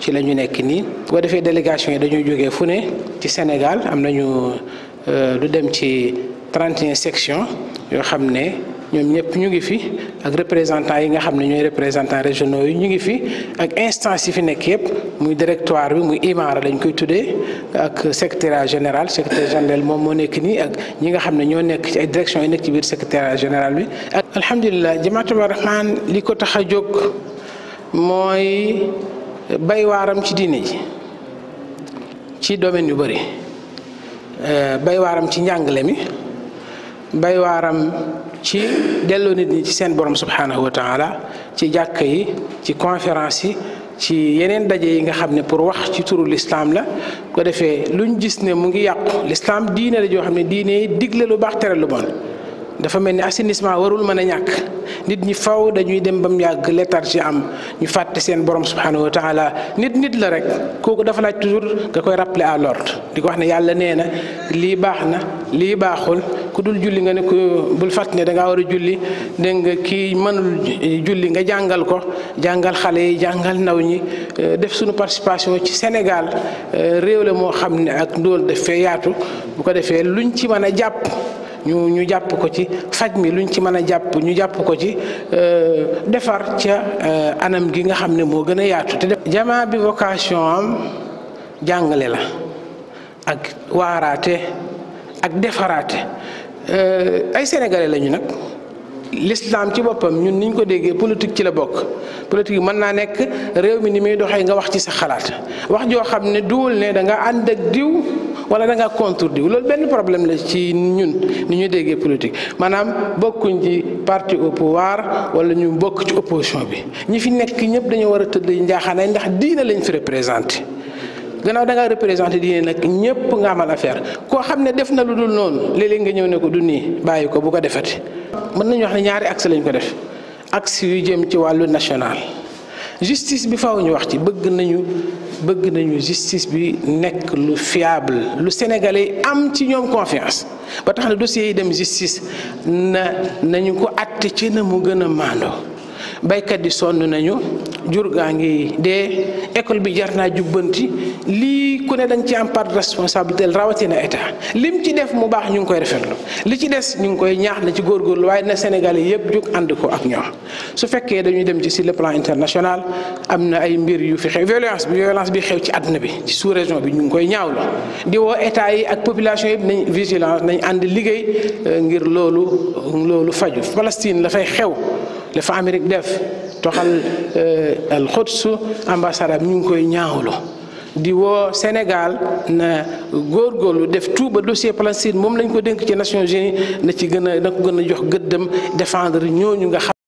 ci lañu nekk nii bu ko defee délégation yi dañuy jógee fu ne ci Sénégal am nañu euh, lu dem ci 31 sections yoo xam ne ñoom ñëpp ñu ngi fi ak représentants yi nga xam ne ñooy représentants régionaux yi ñu ngi fi ak instances yi fi nekk yëpp muy directoire bi muy imaara lañ koy tuddee ak secrétariat général secrétaire général moom moo nekk nii ak ñi nga xam ne ñoo nekk ci ay directions yi nekk ci biir secrétariat général bi. ak alhamdulilah jamaatu rahman li ko tax a jóg mooy. bay waaram ci diine ji ci domaine yu bëri eh, bay waaram ci njàngale mi bay waaram ci delloo nit ñi ci seen borom subhanahu wa taala ci jàkka yi ci conférence yi ci yeneen daje yi nga xam ne pour wax ci turu lislaam la ko defee lu luñ gis ne mu ngi yàqu lislaam diine la joo xam ne diine yi digle lu baax tere lu bon dafa mel ni assainissement warul mën a ñàkk nit ñi faw dañuy dem ba mu yàgg léthargie am ñu fàtte seen borom subhanahu wa taala nit nit la rek kooku dafa laaj toujours nga koy rappeler à l'ordre di ko wax ne yàlla nee na lii baax na lii baaxul ku dul julli nga ne ko bul fàtt ne da ngaa war a julli dégg nga kii mënul julli nga jàngal ko jàngal xale yi jàngal ndaw ñi euh, def suñu participation ci Sénégal euh, réew la moo xam ne ak ndóol daf fee yaatu bu ko defee luñ ci mën a jàpp. ñu ñu jàpp ko ci faj mi luñ ci mën a jàpp ñu jàpp ko ci euh, defar ca euh, anam gi nga xam ne moo gën a yaatu te jamaa bi vocation am jàngale la ak waaraate ak defaraate euh, ay sénégalais lañu nag l'islam ci boppam ñun niñ ko déggee politique ci la bokk politique yi mën naa nekk réew mi ni muy doxee nga wax ci sa xalaat wax joo xam ne duwul ne da ànd ak diw. wala da nga contredire loolu benn problème la ci ñun ni ñu déggee politique maanaam bokkuñ ci parti au pouvoir wala ñu bokk ci opposition bi ñi fi nekk ñëpp dañoo war a tëdd njaaxaanaay ndax diina lañ fi représenté. gannaaw da ngaa représenté diine nag ñëpp nga amal affaire koo xam ne def na lu dul noonu léeg nga ñëw ne ko du nii bàyyi ko bu ko defati mën nañu wax ne ñaari axe lañ ko def axe yu jëm ci wàllu national justice bi faaw ñu wax ci bëgg nañu bëgg nañu justice bi nekk lu fiable lu sénégalais am ci ñoom confiance ba tax na dossier yi dem justice na nañu ko àtte ci na mu gën a maandoo baykat di sonn nañu jur gaa ngi dee école bi jar naa jubbanti ku ne dañ ci am part de responsabilité rawatina état lim ci def mu baax ñu ngi koy rafetlu li ci des ñu ngi koy ñaax na ci góorgóorlu waaye na Sénégalais yëpp jug ànd ko ak ñoom su fekkee dañuy dem ci sur le plan international am na ay mbir yu fi xew violence bi violence xew ci àdduna bi ci sous région bi ñu ngi koy ñaawlu di woo état yi ak population yëpp nañ vigilance nañ ànd liggéey euh, ngir loolu loolu faju Palestine la fay xew la fa Amérique def toxal euh, al Quds ambassade am ñu ngi koy ñaawlu di woo Sénégal na góorgóorlu def tout ba dossier Palestine moom lañ ko dénk ci Nations Unies na ci gën a na ko gën a jox gëddam défendre ñooñu nga xam